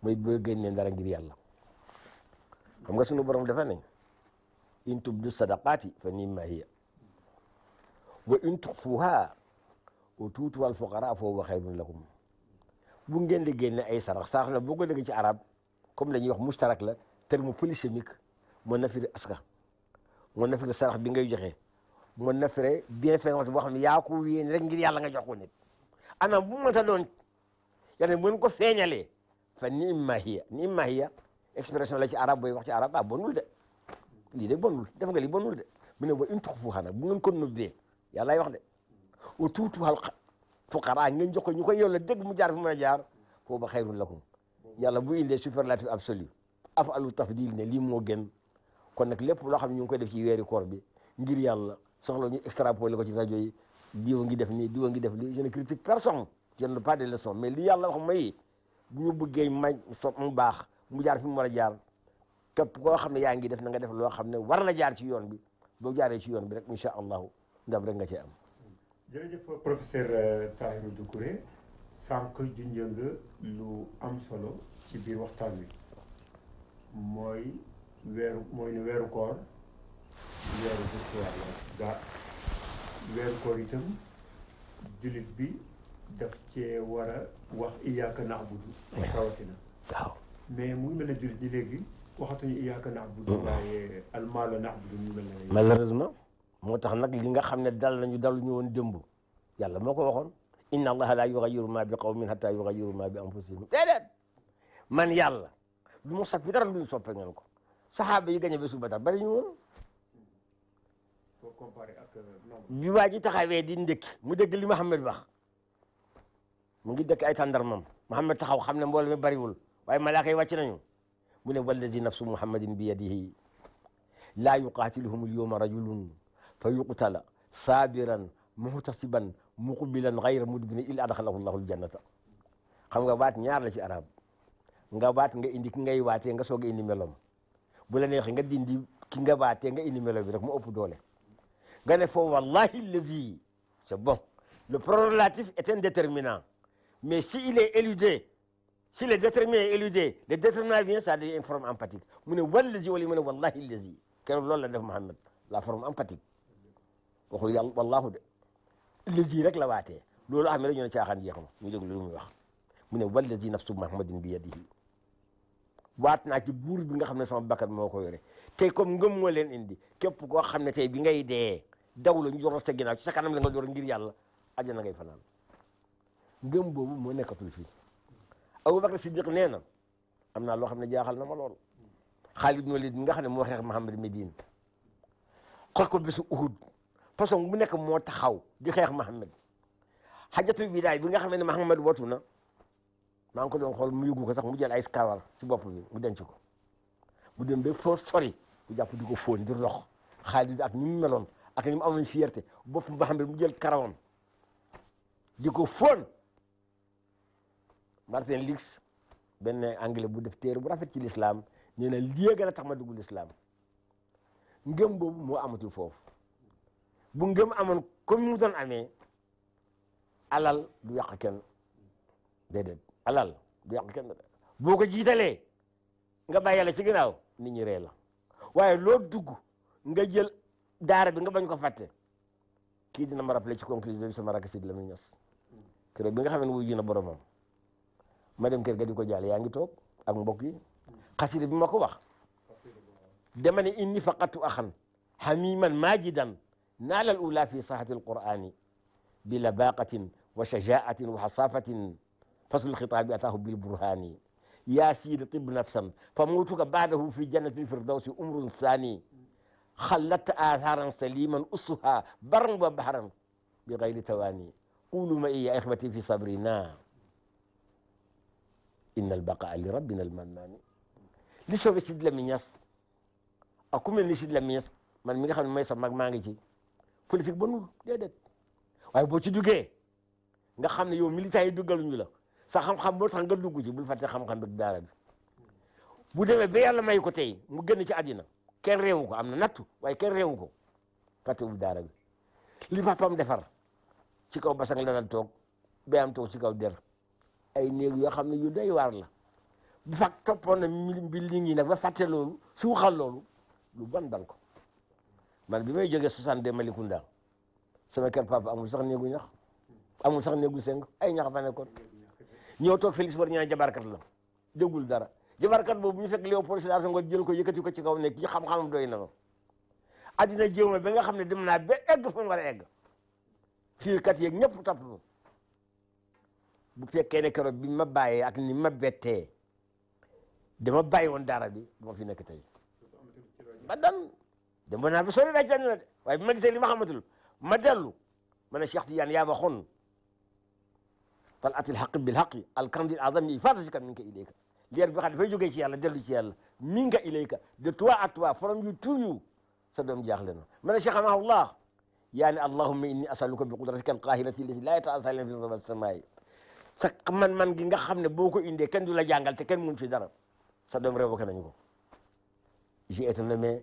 mooy boo génnee dara ngir yàlla xam nga sunu borom dafa ne in tubdu sadaqaati fa nimma hiya wa in tuxfuha utuutu wal fuqaraa foofu xayrun lakum bu ngeen di génne ay sarax sarax na boo ko déggee ci arab comme la ñuy wax mustarak la terme polysémique moo nafiri aska moo nafiri sarax bi ngay joxe moo nafire bienfaisance boo xam ne yaa ko yéene rek ngir yàlla nga jox ne nit anam bu mata doon yàlla mën ko feeñalee fa ni imma hiya ni imma hiya expression la ci arab booy wax ci arab ah bonul de lii de bonul def nga li bonul de mu ne wa in tuxfu xanaa bu wax wa tuutu al fuqara ngeen jox ko ñu koy yolla dégg mu jaar fu mën a jaar foofu ba xayrun lakum yàlla bu indee superlatif absolu afalu tafdil ne lii moo gën kon nag lépp loo xam ne ñu ngi koy def ci weeri koor bi ngir yàlla soxla ñu extrapoler ko ci rajo yi diwa ngi def nii diwa ngi def lii je ne critique personne je ne pas de leçon mais li yàlla wax may bu ñu bëggee may so mu baax mu jaar fi mu war a jaar képp koo xam ne yaa ngi def na nga def loo xam ne war na jaar ci yoon bi boo jaaree ci yoon bi rek incha allahu ndam rek nga cee am jërëjëf professeur du euh, Doucouré sànq junj nga lu am solo ci biir waxtaan wi mooy weeru mooy ne weeru koor weeru histoire la ga weeru koor itam jullit bi daf cee war a wax iyaaka na'budu rawatina waaw mais muy mel ne jullit ñi léegi waxatuñu iyaaka na'budu waaye almaala na'budu ñu mel ne malheureusement moo tax nag li nga xam ne dal nañu dal ñu woon démb yàlla moo ko waxoon inna allaha la yughayyiru ma bi qawmin hatta yughayyiru ma bi anfusihim déedéet man yàlla lu mu soppi dara lu ñu soppe ngeen ko saxaaba yi gañe ba suba tax bari ñu woon bi waa ji taxawee di ndékki mu dégg li Muhammad wax mu ngi dëkk ay tàndarmam Muhammad taxaw xam ne mbooloo mi bariwul waaye malaaka yi wàcc nañu mu ne walladi nafsu muhammadin bi yadihi laa yuqaatiluhum al yawma rajulun fa yuqtala sabiran muhtasiban muqbilan ghayra mudbini illa adkhalahu llahu aljannata xam nga waat ñaar la ci arab nga waat nga indi ki ngay waatee nga soog a indi melom bu la neexee nga dindi ki nga waatee nga indi melo bi rek mu ëpp doole nga ne foofu wallahi lazi c'est bon le pronominatif est un déterminant mais si il est éludé si le déterminant est éludé le déterminant vient ça devient une forme emphatique mu ne wallazi wala mu ne wallahi lazi keroog loolu la def Muhammad la forme emphatique waxul yàlla wallaahu de lazi rek la waatee loolu am rek ñu ne caaxaan jeex na ñu déglu lu muy wax mu ne wallazi nafsu muhammadin bi yadihi waat naa ki buur bi nga xam ne sama bakkan moo ko yore tey comme ngëm moo leen indi képp koo xam ne tey bi ngay dee daw la ñu doon sa ginnaaw ci sa kanam la nga door ngir yàlla àjjana ngay fanaan boobu moo nekkatul fii Abubakar Siddiq nee na am naa loo xam ne jaaxal na ma lool Xaalid ibn Walid nga xam ne moo xeex Muhammad Medine xoj ko bésu Uhud façon bu nekk moo taxaw di xeex Mahamad xajatul widaay bi nga xam ne Mahamad wootu na maa ngi ko doon xool mu yëgu ko sax mu jël ay skawal si bopp bi mu denc ko mu dem ba foo sori mu jàpp di ko fóon di rox Xaalid ak ni mu meloon ak ni mu amoon fierté bopp mu jël karawam di ko fóon Martin Lix benn anglais bu def téere bu rafet ci lislaam nee na lii gën a tax ma dugg lislaam ngëm boobu moo amatul foofu bu ngëm amoon comme mu doon amee alal du yàq kenn déedéet alal du yàq kenn boo ko jiitalee nga bàyyi yàlla ci ginnaaw nit ñi ree la waaye loo dugg nga jël daara bi nga bañ ko fàtte kii dina ma rappelé ci conclusion bi sama rakk Sidi Lamine Niass keroog bi nga xam ne wuyu na boromam ma dem kër ga di ko jàll yaa ngi toog ak mbokk yi xasida bi ma ko wax dama ne inni faqatu axan xamiman dan نال الأولى في صحة القرآن بلباقة وشجاعة وحصافة فصل الخطاب أتاه بالبرهان يا سيد طب نفسا فموتك بعده في جنة الفردوس أمر ثاني خلت آثارا سليما أسها برا وبحرا بغير تواني قولوا معي يا إخوتي في صبرنا إن البقاء لربنا المنان li soobee Sidy Lamine Niass ak ku mel ni Sidy Lamine Niass man mi nga xam ne may sa mag maa ngi ci politique bonul déedéet waaye boo ci duggee nga xam ne yow militants yi duggaluñu la sa xam-xam boo tax nga dugg ci bul fàtte xam-xam bi daara bi bu demee ba yàlla may ko tey mu génn ci àddina kenn réewu ko am na nattu waaye kenn réewu ko fàttewul daara bi li papam defar ci kaw basang la daan toog ba am toog ci kaw der ay néeg yoo xam ne yu doy waar la bu fak toppoon na building yi nag ba fàtte loolu suuxal loolu lu ban dal ko man bi may jógee 62 Malicounda sama kër papa amul sax néegu ñax amul sax néegu seng ay ñax fa nekkoon ñëw toog Félix war ñaan jabarkat la déggul dara jabarkat boobu ñu fekk Léopold Sédar Senghor jël ko yëkkati ko ci kaw nekk ci xam-xamam doy na addina jéem ba nga xam ne dem naa ba egg fu mu war a egg kat yeeg ñëpp topp bu fekkee ne keroog bi ma bàyyee ak ni ma bettee dama bàyyi woon dara bi dama fi nekk tey demoon naa ba sori laaj jànnu la de waaye bi ma gisee li ma xamatul ma dellu ma ne Cheikh Tidiane yaa waxoon fal atil xaq bil xaqi alkandil azami fatatikan min ka ilayka leer bi xam dafay jógee ci yàlla dellu ci yàlla min ka ilayka de toi à toi from you to you sa doom jaaxle na ma ne Cheikh amahullah yaa ne allahumma inni asaluka bi qudratika alqahirati allati la yataasa fi sabas samaay sa man man gi nga xam ne boo ko indee kenn du la jàngal te kenn mun fi dara sa doom réew ko nañu ko j'ai été nommé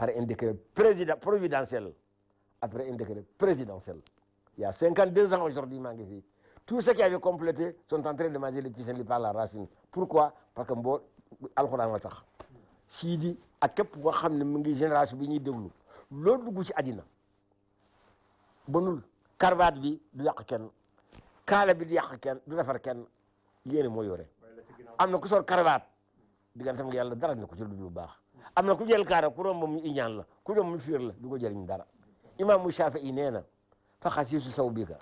par un décret président providentiel après un décret présidentiel il y a 52 ans aujourd'hui maa ngi fii tous ceux qui avaient complété sont en train de manger le pissenlit par la racine pourquoi parce que mboo alxuraan la tax siidi ak képp koo xam ne mu ngi génération bi ñuy déglu loolu dugg ci àddina bonul karbaat bi du yàq kenn kaala bi du yàq kenn du defar kenn yéene moo yore am na ku sol karbaat diggantam nga yàlla dara ne ko ci lu baax am na ku jël kaara ku romb mu iñaan la ku romb mu fiir la du ko jëriñ dara imaamu Shafii nee na fa xasiisu sawbika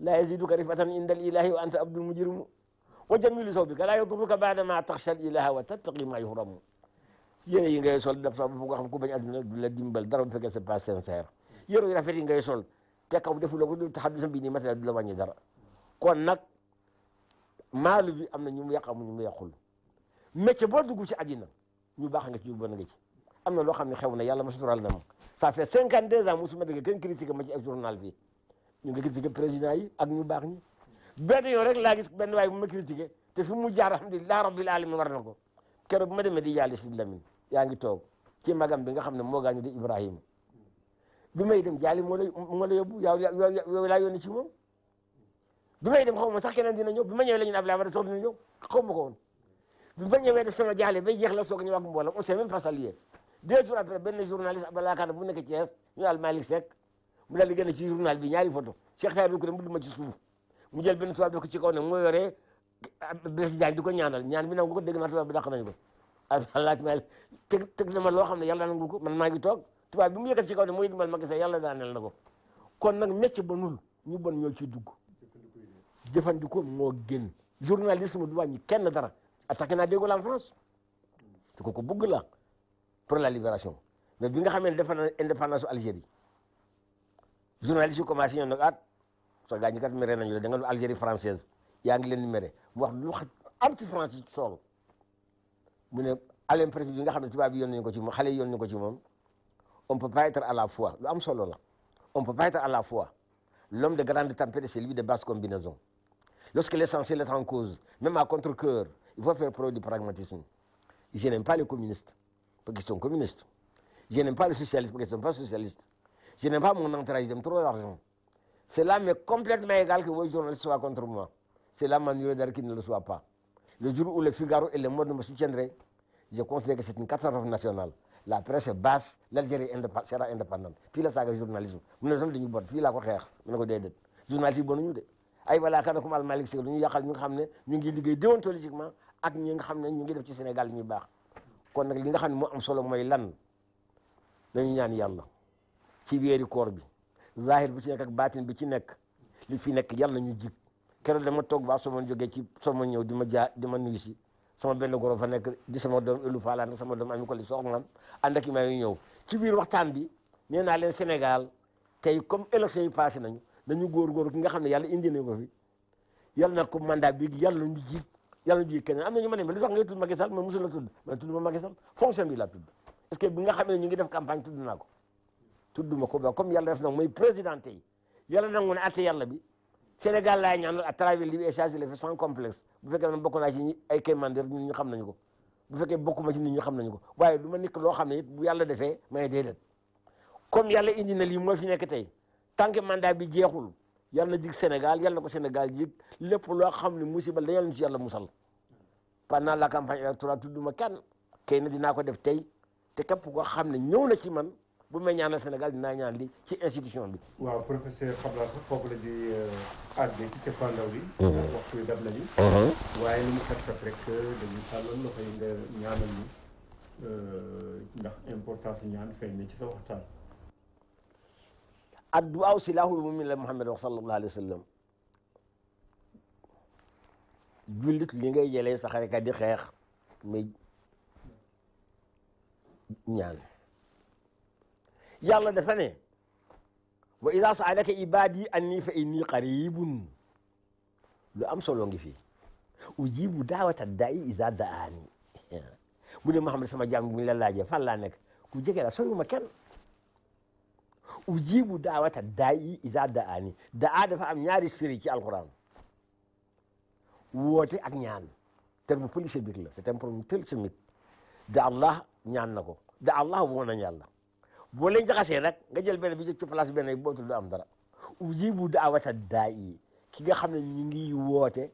laa yaziduka rifatan inda al ilahi wa anta abdul mujrimu wa jamilu sawbika laa yaduruka baada ma taxsha al ilaha wa tattaqi ma yuhramu yére yi ngay sol def sax bu ko xam ku bañ adduna du la dimbal dara ba fekkee c'est pas sincère yére yu rafet yi ngay sol te kaw defuloo du taxaddu bi nii matériel du la wàññi dara kon nag maalu bi am na ñu mu yàq amuñu mu yàqul métier boo dugg ci àddina ñu baax nga ci ñu bon nga ci am na loo xam ne xew na yàlla ma sutural na ma ça fait cinquante deux ans musuma dégg kenn critiqué ma ci ab journal fii ñu ngi critiqué président yi ak ñu baax ñi benn yoon rek laa gis benn waaye bu ma critiqué te fi mu jaar alhamdulilah rabbil alamin war na ko keroog bu ma demee di yàlla si lamin yaa ngi toog ci magam bi nga xam ne moo gaañu di Ibrahima bi may dem jaali moo la moo la yóbbu yow yow laa yónni ci moom bi may dem xaw ma sax keneen dina ñëw bi ma ñëwee la ñu ne Abdoulaye Wade xaw ma ko woon bi fa ñëwee de solo jaaxle bay jeex la soog a ñëw ak mbooloo on s'est même pas salué deux jours après benn journaliste Abdallah Kane bu nekk Thiès ñu naan Malick Seck mu daal di génne ci journal bi ñaari photo Cheikh Taïb ko dem mu duma ci suuf mu jël benn tubaab bi ko ci kaw ne moo yore Blaise Diagne di ko ñaanal ñaan bi nangu ko dégg naa tubaab bi dàq nañu ko alaaj Malick teg teg na ma loo xam ne yàlla nangu ko man maa ngi toog tubaab bi mu yëkkat ci kaw ne mooy dimbal Macky Sall yàlla daaneel na ko kon nag métier ba nul ñu bon ñoo ci dugg jëfandikoo moo génn journalisme du wàññi kenn dara attaqué naa Dégola en France te kooku bëgg la pour la libération mais bi nga xam ne defar na indépendance su Algérie journaliste yi commencé ñëw nag ah sa gars ñi kat mere nañu la da nga nu Algérie française yaa ngi leen di mere mu wax lu am ci France yi sol mu ne Alain Préfet bi nga xam ne tubaab yi yónni nañu ko ci moom xale yi yónni nañu ko ci moom on peut à la fois lu am solo la on peut pas être à la fois l'homme de grande tempête c'est lui de basse combinaison lorsque l'essentiel est en cause même contre-cœur Il faut faire preuve du pragmatisme. Je n'aime pas les communistes, parce qu'ils sont Je n'aime pas les socialistes, parce qu'ils pas socialistes. Je n'aime pas mon entourage, j'aime trop d'argent. Cela m'est complètement égal que vos journalistes soient moi. Cela m'ennuierait qu'ils ne le soient pas. Le jour où le Figaro et le Monde me soutiendraient, je considère que c'est une catastrophe La presse est basse, l'Algérie sera indépendante. Puis la saga journalisme. Nous sommes de Newport, puis la Corée. Nous sommes ay wala kanakum al malik si lu ñu yàqal ñu nga xam ne ñu ngi liggéey déontologiquement ak ñi nga xam ne ñu ngi def ci Sénégal ñu baax kon nag li nga xam ne moo am solo mooy lan nañu ñaan yàlla ci weeri koor bi zahir bi ci nekk baatin bi ci nekk li fi nekk yàlla ñu jig keroog dama toog baa soo ma jógee ci soo ma ñëw di ma jaa di ma nuyu si sama benn goro fa nekk di sama doom ëllu faalaan sama doom ami ko li soxnaam ànd ak i may ñëw ci biir waxtaan bi nee naa leen Sénégal tey comme élection yi passé nañu nañu góorgóor ki nga xam ne yàlla indi na ko fi yàlla na ko mandat bi yàlla ñu ji yàlla ñu ji keneen am na ñu ma ne ma li tax ngay tudd Macky Sall ma mosul la tudd ma tudd ma Macky Sall fonction bi laa tudd est-ce que bi nga xam ne ñu ngi def campagne tudd naa ko tudd ma ko ba comme yàlla def nag mooy présidente yi yàlla nangu ne atte yàlla bi Sénégal laay ñaanal à travers li échange le fait sans complexe bu fekkee man bokk naa ci ay kéemandeer ñun ñu xam nañu ko bu fekkee bokkuma ci nit ñi xam nañu ko waaye du ma nekk loo xam ne it bu yàlla defee may déedéet comme yàlla indi na lii moo fi nekk tey tant que mandat bi jeexul yàlla na jig Sénégal yal na ko Sénégal jig lépp loo xam ne musiba la yal na ci yàlla musal pendant la campagne électorale tudduma kenn kay na dinaa ko def tey te képp koo xam ne ñëw na ci man bu may ñaanal Sénégal dinaa ñaan li ci institution bi. waaw professeur Xabla sax foofu la ñuy euh, àggee ci cappaandaw bi. Mhm. waxtu bi dab nañu. Mhm. waaye lu mu xet euh, euh, ñaan feeñ ci sa waxtaan. adduwaaw silaahul mumin la Muhammad wax sallallahu alayhi wa sallam jullit li ngay jëlee sa xarekat di xeex mais ñaan yàlla dafa ne wa idaa saalaka ibaadi anni fa inni qaribun lu am solo ngi fi ujibu daawata daa i idaa daani mu ne Muhammad sama jàmm bu ñu la laajee fan laa nekk ku jege la soriwuma kenn ujibu da'wata da'i iza da'ani da'a dafa am ñaari firi ci woote ak ñaan terme polysémique la c'est un problème polysémique da allah ñaan na ko da allah woo nañ yàlla boo leen jaxasee nag nga jël benn bi ci place benn bootul du am dara ujibu da'wata da'i ki nga xam ne ñu ngi woote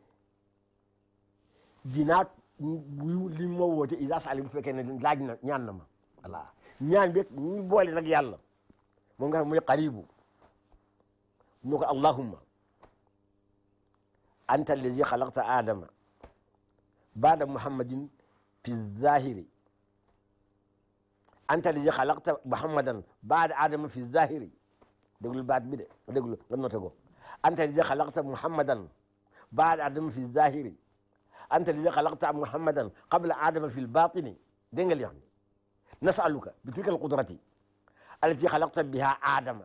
dinaa li ma woote iza saali bu fekkee ne laaj na ñaan na ma voilà ñaan bi ñu boole nag yàlla moom nga xam mooy qaribu mu ko allahumma anta alladi xalaqta aadama baada muhammadin fi zahiri anta alladi xalaqta muhammadan baada aadama fi zahiri déglu baat bi de déglu nga noté ko anta alladi xalaqta muhammadan baada aadama fi zahiri anta alladi xalaqta muhammadan qabla aadama fi lbatini dégg nga li wax ni nasaluka bi tilka alqudrati التي خلقت بها آدم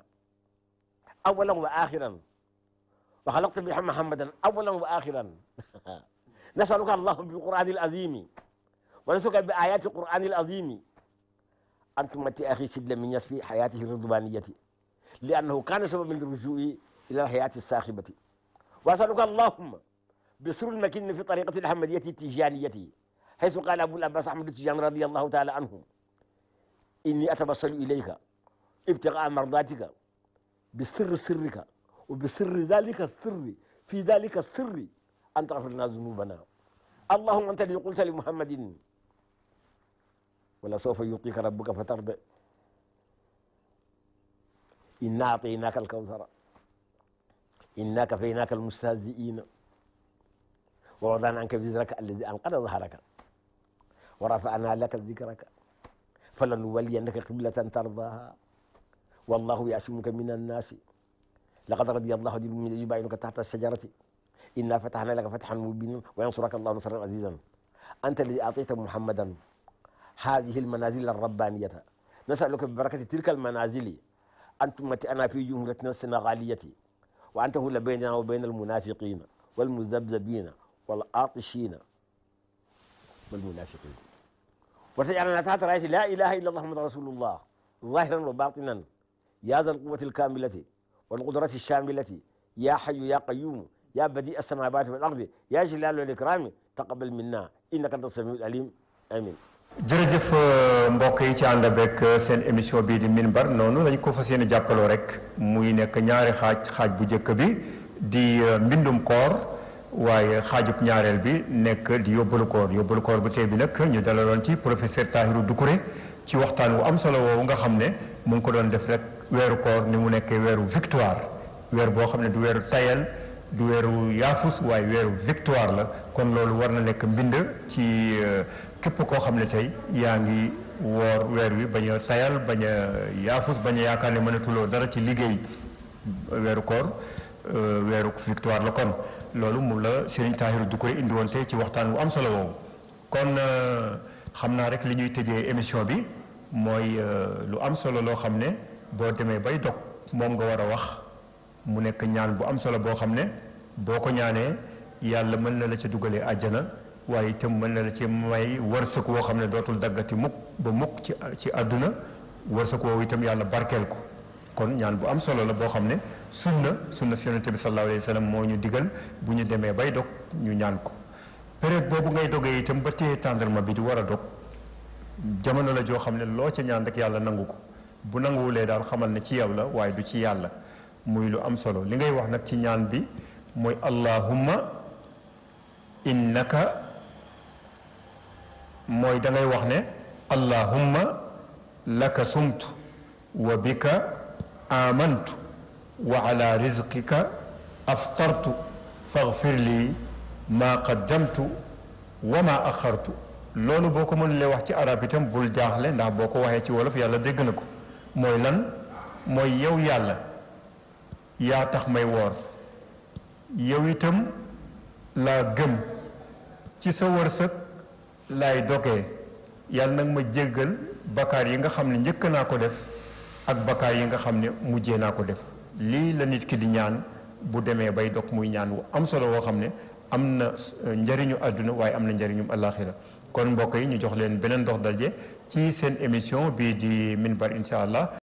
أولا وآخرا وخلقت بها محمدا أولا وآخرا نسألك الله بالقرآن العظيم ونسألك بآيات القرآن العظيم أن تمتي أخي سدلا من يسفي حياته الرضوانية لأنه كان سببا للرجوع إلى الحياة الصاخبة وأسألك اللهم بسر المكين في طريقة الحمدية التجانية حيث قال أبو العباس أحمد التجان رضي الله تعالى عنه إني أتبصل إليك ابتغاء مرضاتك بسر سرك وبسر ذلك السر في ذلك السر أن تغفر لنا ذنوبنا اللهم أنت الذي قلت لمحمد ولا سوف يعطيك ربك فترضى إنا أعطيناك الكوثر إنا كفيناك المستهزئين ووضعنا عنك وزرك الذي أنقذ ظهرك ورفعنا لك ذكرك فلنولينك قبلة ترضاها wallahu yaasimuka min annaasi laqad radiya allahu yubayinuka tahta shajarati inna fatahna laka fathan mubinan wa yansuraka allahu nasran azizan anta alladi atayta muhammadan hadihi almanazil arrabbaniyata nasaluka bibarakati tilka almanazili an tumati'ana fi jumratina alsenegaliyati wa an tahula baynana wa bayna almunafiqina walmudhabdhabina والعاطشين والمنافقين وتجعلنا تحت رايه لا اله الا الله محمد رسول الله ظاهرا وباطنا يا ذا القوة الكاملة والقدرة الشاملة يا حي يا قيوم يا بديء السماوات والأرض يا جلال والإكرام تقبل منا إنك أنت السميع العليم آمين jërëjëf mbokk yi ci ànd beeg seen émission bii di minbar noonu lañ ko fas yéene jàppaloo rek muy nekk ñaari xaaj xaaj bu njëkk bi di mbindum koor waaye xaajub ñaareel bi nekk di yóbbalu koor yóbbalu koor bu tey bi nag ñu dalaloon ci professeur du Doucouré ci waxtaan wu am solo woowu nga xam ne mu ngi ko doon def rek weeru koor ni mu nekkee weeru victoire weer boo xam ne du weeru tayal du weeru yaafus waaye weeru victoire la kon loolu war na nekk mbind ci euh, képp koo xam ne tey yaa ngi woor weer wi bañ a tayal bañ yaafus bañ yaakaar ne mënatuloo dara ci liggéey euh, weeru koor euh, weeru victoire la kon loolu moom la Serigne Tahirou Doucouré indi woon tey ci waxtaan wu am solo woowu kon xam naa rek li ñuy tëjee émission bi mooy lu am solo loo xam ne boo demee bay dog moom nga war a wax mu nekk ñaan bu am solo boo xam ne boo ko ñaanee yàlla mën na la ca dugalee àjjana waaye itam mën na la ci may wërsëg woo xam ne dootul daggati mukk ba mukk ci ci àdduna wërsëg woowu itam yàlla barkeel ko kon ñaan bu am solo la boo xam ne sunna sunna si yonente bi sallallahu alayhi wa moo ñu digal bu ñu demee bay dog ñu ñaan ko période boobu ngay dogee itam ba téye tàndarma bi di war a dog jamono la joo xam ne loo ca ñaan yàlla nangu ko bu nanguwulee daal xamal na ci yaw la waaye du ci yàlla muy lu am solo li ngay wax nag ci ñaan bi mooy allahumma innaka mooy dangay wax ne allahumma laka sumtu wa bika amantu wa ala rizqika aftartu faghfir lii maa qaddamtu wa maa axartu loolu boo ko mënulee wax ci arab itam bul jaaxle ndax boo ko waxee ci wolof yàlla dégg na ko mooy lan mooy yow yàlla yaa tax may woor yow itam laa gëm ci sa wërsëg laay dogee yàlla nag ma jéggal bakkaar yi nga xam ne njëkk naa ko def ak bakkaar yi nga xam ne mujjee naa ko def lii la nit ki di ñaan bu demee bay dog muy ñaan wu am solo woo xam ne am na euh, njariñu àdduna waaye am na njariñum àllaaxira kon mbokk yi ñu jox leen beneen dox daje ci seen émission bii di minbar incha allah